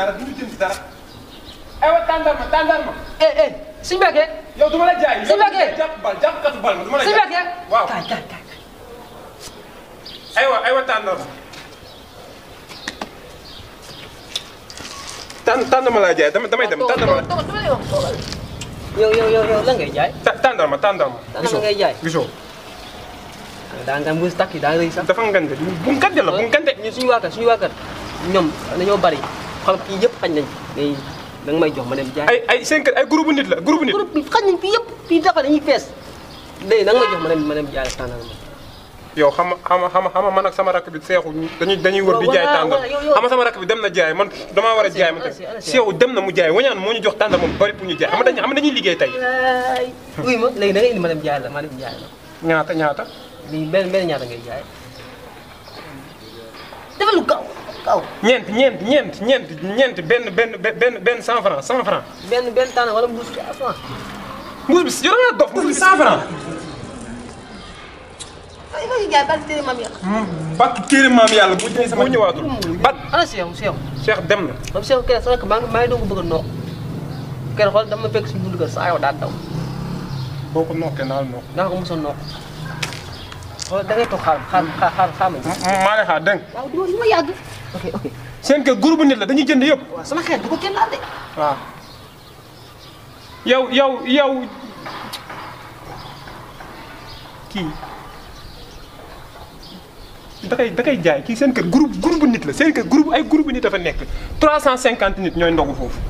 dara du ñu jëm si dara. aywa tàndarma tàndarma. eh eh suñu mbékkee. yow du ma la jaay. suñu mbékkee yow jàpp bal jàpp katu bal du ma la jaay. suñu mbékkee waaw kaay kaay kaay. aywa aywa tàndarma. tàn tàndarma laa jaay dama damay dem tàndarma la. yow yow yow yow lan ngay jaay. tàndarma tàndarma. gisoo ngay jaay gisoo. Ah, daa nga mbuus takk yi daa rëy sax. dafa ngante bu ngante la bu ngante. ñun suñu waa kër suñu waa kër ñoom dañoo bari. xam fii yëpp xañ nañ fi da nga may jox ma dem jaay. ay ay seen kër ay groupe nit la groupe nit. groupe xañ nañ fii yëpp fii dafa dañuy fees léegi da nga may jox ma dem ma dem jaay tàndar ma. yow xam xama xama xama man ak sama rakk bi seexu dañuy dañuy wër di jaay tàndar xama sama rakk bi dem na jaay man damaa war a jaay man tey seexu dem na mu jaay wañaan moo ñu jox tàndar moom bari pour ñu jaay xam dañuy xam dañuy liggéey tey. uy ma léegi da ngay indi ma dem jaay la ma dem jaay la. ñaata ñaata. lii benn benn ñaata ngay jaay. dafa lu gaaw kaw ñeent ñeent ñeent ñeent ñeent benn benn benn benn cent franc cent franc. benn benn tànn wala mbuus bi franc. mbuus bi si yow da ngaa dof mbuus bi cent franc. ay ma ñu jaay barke téere maam yàlla. Hmm, barke téere maam yàlla bu dee sama ñëwaatul. bat ana Cheikh Cheikh. Cheikh dem na. moom Cheikh keroog sax maa ngi maa ngi doon bëgg a noq. keroog xool dama fekk suñu buntu kër saa yow daa daw. boo ko noqee naa la noq. naa ko mos a noq. xool da ngay toog xaar xaar xaar xaar ma. Hmm, hmm, maa ngi xaar dégg nga. waaw du ma yàgg. ok ok seen kër groupe nit la dañuy jënd yëpp. waaw sama xeet du ko kenn de. waaw yow yow yow kii da kay da kay jaay kii seen kër groupe groupe nit la seen kër groupe ay groupe nit dafa nekk cent 350 nit ñooy ndogu foofu.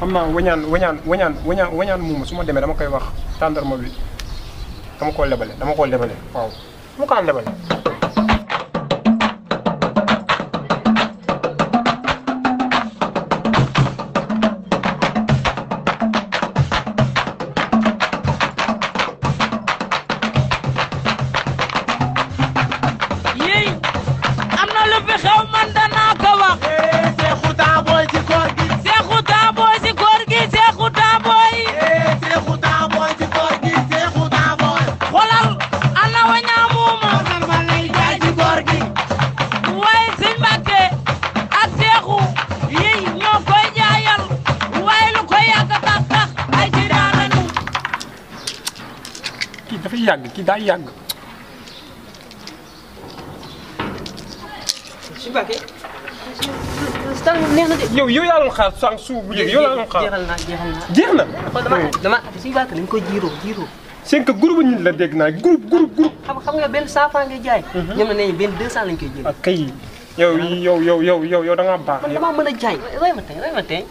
xam naa wañaan wañaan wañaan wañaan wañaan muuma su ma demee dama koy wax tàndarma bi dama koo lebale dama koo lebale waaw dama kaa lebale. yàgg kii daa yàgg. su baaxee. neex na de. yow yow yaa doon xaar sànq suuf bu njëkk yow yaa doon xaar jeexal naa jeexal naa. jeex na. dama suñu baax lañ koy jiiroo jiiroo. seen que groupe nit la dégg naa groupe groupe groupe. xam nga benn 100 francs ngay jaay. ñoom ne nañu benn 200 lañ koy jël. ak kay yow yow yow yow yow da ngaa baax. man damaa mën a jaay rëy ma tey rëy ma tey.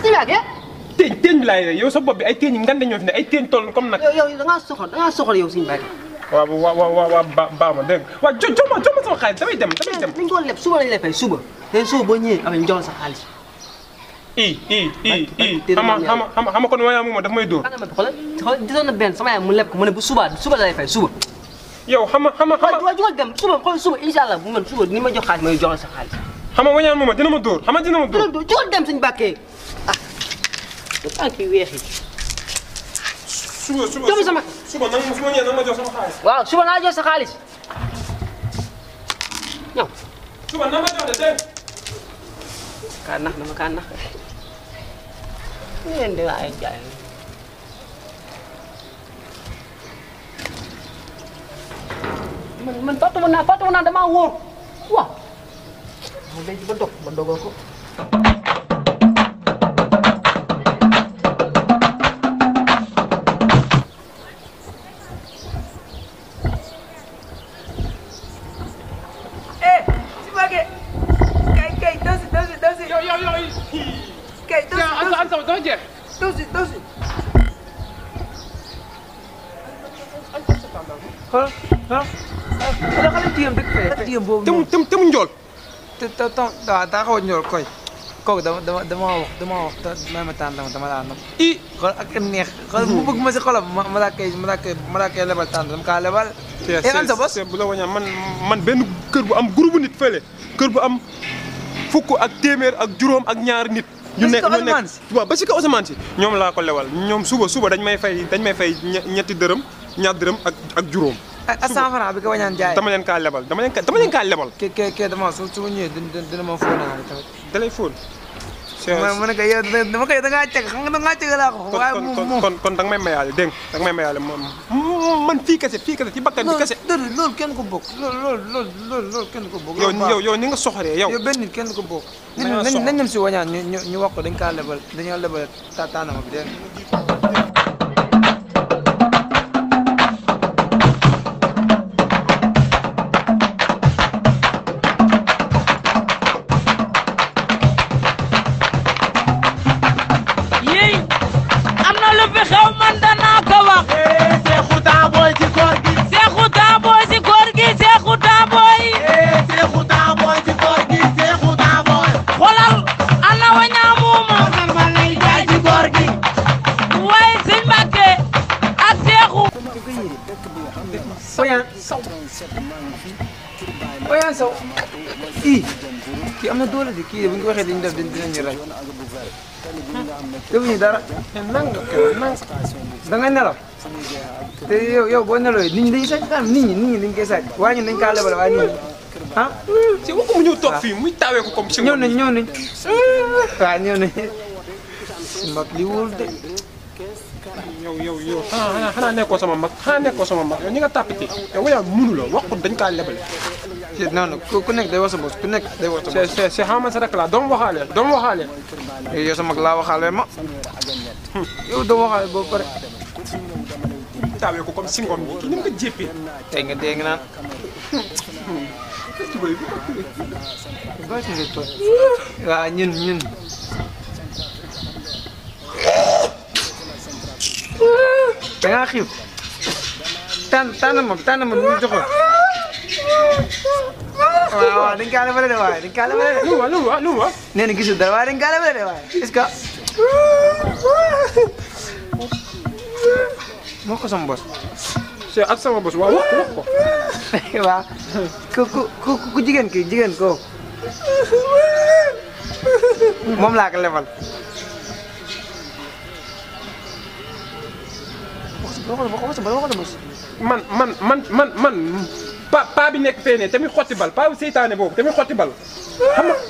suñu baaxee. téeñ téeñ bi laay rek yow sa bopp bi ay téeñ yi ngande ñoo fi ne ay téeñ toll comme nag. yow yow da ngaa soxal da ngaa soxal yow suñu baykat. waaw waaw waaw waaw ba baax ma dégg nga waaw jo jox ma jox ma sama xaalis damay dem damay dem. dañu ko leb suba lañu lay fay suba te suba boo ñëwee amee ñu jox la sa xaalis. i i i i xama xama xama kon waaye moom daf may ko mu ne bu suba suba lay fay yow xama xama xama waaw dem suba ni ma jox xaalis may jox la sa xaalis. xama wañaan moom dina ma dóor xama dina ma dóor. dina ma dóor dem suñu tànk yu weex yi. suba suba sama suba na ma ñëwee na ma jox sama xaalis. waaw suba naa jox sa xaalis ñëw. suba na ma jox de dégg kaa nax dama kaa nax ñu leen di ay jaay man man fàttaliwul naa fàttaliwul naa damaa wóor waaw. mu denc ba dog ba dogal ko. xoolal xoolal xoolal xale diyam dëkk boobu noonu te mu te mu njool. te te te waaw daa dama dama dama wax dama laa nopp. ak neex. xool mu bëgg ma si xolam ma ma laa koy ma laa koy ma laa koy lebal tàndam kaa lebal. et eh, an sa bos bu la wañaan man man benn kër bu am groupe nit fële kër bu am fukk ak téeméer ak juróom ak ñaari nit. ñu nekk ñu nekk ba si ko Ousmane si ñoom laa ko lewal ñoom suba suba dañ may fay dañ may fay ñetti dërëm. ñaar dërëm ak ak juróom. ak ak 100 francs bi ko wañaan jaay dama leen kaa lebal dama leen kaa dama leen kaa lebal. ke ke ke dama su ma ñëwee dina dina ma fóon naa tamit. da lay fóon. ma ne ko yow dama koy dangaa ceg xam nga dangaa ceg laa ko. waaye moom kon kon danga may mayaale dégg nga danga may mayaale moom man fii kese fii kese ci bakkan bi kese. loolu loolu kenn ku bokk. loolu loolu loolu loolu kenn ko bokk. yow yow ni nga soxoree yow. yow benn nit kenn ko bokk. nañ si wañaan ñu ñu wax ko dañ kaa lebal dañoo lebal taataanama bi dégg naawa ñaamuuma malay jaaji góor gi waaye sëñ Mbàkke ak seexu Oya Sow Oya Sow kii kii am na doole de kii bu ñu ko waxee dañu def dinañu rey defuñu dara nang nang da nga nelaw te yow yow boo nelawee nit ñi dañuy sàcc nit ñi nit ni dañu koy sàcc waa ñu dañu kaa lebal waaye nit ñi ah si waxu mu toog fii muy tawee ko comme si. ñëw nañ ñëw nañ waaw ah. ah, ñëw nañ si de. yow yow yow xanaa nekkoo sama mag xanaa nekkoo sama mag yow nga tàppite yow wala munu la wax ko dañ kaa lebale. ku nekk day wax sa bopp nekk day wax sa eh, sa rek laa doom waxaale sa ma. yow doo waxaale ba pare. tawee ko ko jéppee. nga naan. tubéy bi baax nga tooñ waaw ñun ñun da ngaa xiif tànn tànn moom tànn moom ñu joxoon waaw waaw dañ kaa lebale de waaye dañ kaa lebale de lu wa lu wa lu wa nee na gisul dara waaye dañ kaa se ak sama bos ku jigéen ki jigéen ko moom laa ko lebal man man man man man pa bi nekk fee tamit xotti bal paa bi seytaane boobu tamit xotti bal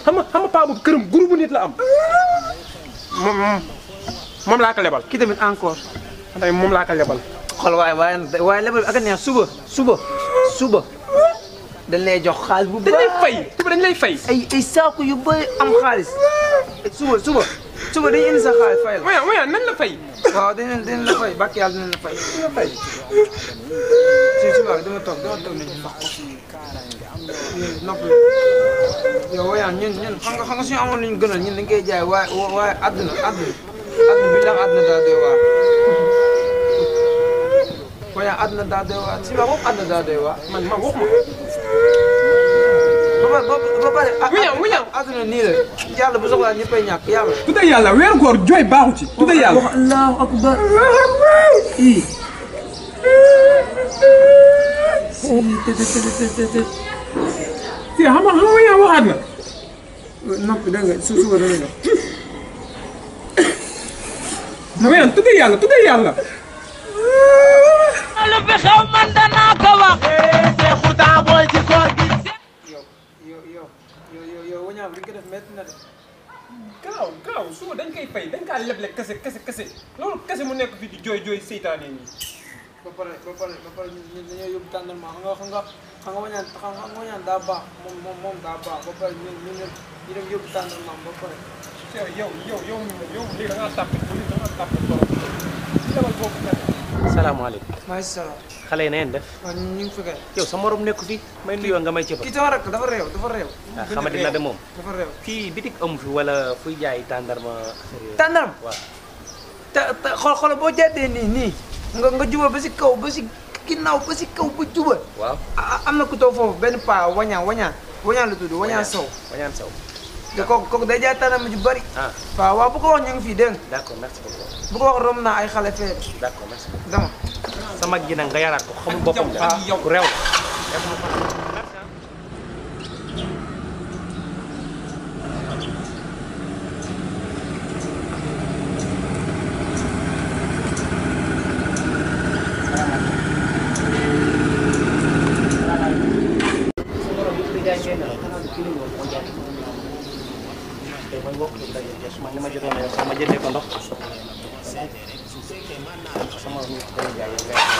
xam nga kër nga nit la am moom laa ko lebal kii tamit encore tamit moom laa ko lebal xool waaye waaye waaye lebal bi ak a neex suba suba suba dañ lay jox xaalis bu baax dañ lay fay suba dañ lay fay. ay ay saako yu bëri am xaalis suba suba suba dañuy indi sa xaalis fay la. waaw waaw nan la fay. waaw dinañ dinañ la fay bàkk yàlla dinañ la fay dinañ la fay. suy suba dama toog dama toog nañu baax ko noppi yow waaye ñun ñun xam nga xam nga suñu amoon lu ñu gënal ñun dañ koy jaay waaye waaye àdduna àdduna àdduna bi ndax àdduna daal doy waar. koya aduna daa doy waar si ma wax aduna daa doy waar man ma wax ma ba ba pare muñaw muñaw aduna nii la yàlla bu soxlaa ñëppay ñàkk yàlla tuddee yàlla weer koor jooy baaxu ci tuddee yàlla wax allahu akbar i te xam nga xam nga yaa waxaat na noppi dégg nga su suba dégg nga tuddee yàlla tuddee yàlla lu fi xew man danaa ko wax. te xutaa booy ci koor gi. yow yow yow yow yow wañaam li def métti de. gaaw gaaw suba dañ koy fay dañ kaa leble kese kese kese loolu kese mu nekk fii di jooy jooy seytaane nii. ba pare ba pare ba pare ñun yóbbu tàndalmaa xam nga xam nga xam nga wañaan xam nga wañaan daa baax moom moom moom daa baax ba pare ñun ñu dem ñu dem yóbbu tàndalmaa ba pare. yow yow yow yow lii da ngaa tàpp lii da ngaa tàpp trop lii dawal boobu nag. salaamaaleykum. maaleykum salaam. xale yi na ngeen def. ñu ngi fi yow sa moroom nekku fi. may nuyoo nga may cëba. kii sama rakk dafa réew dafa réew. ah xamadi na de moom. dafa réew bitik amu fi wala fuy jaay tàndarma. tàndarma waaw. te te xool boo jàddee ni nii nga juba ba si kaw ba si ginnaaw ba si kaw ba juba. waaw am na ku taw foofu benn paa wañaa wañaan wañaan la tudd wañaan sow wañaan sow. te kooku kooku day jaay ah. bu ko ñu ngi fii dégg nga. d' accord merci beaucoup. ko wax rom naa ay xale fee. d' accord merci beaucoup dama. sa mag gi nag nga yaraat ko xamul boppam de. waaw te booy bokk di daje jeex man ni ma jotoon a yor ma jëndee ko ndox sama nit dana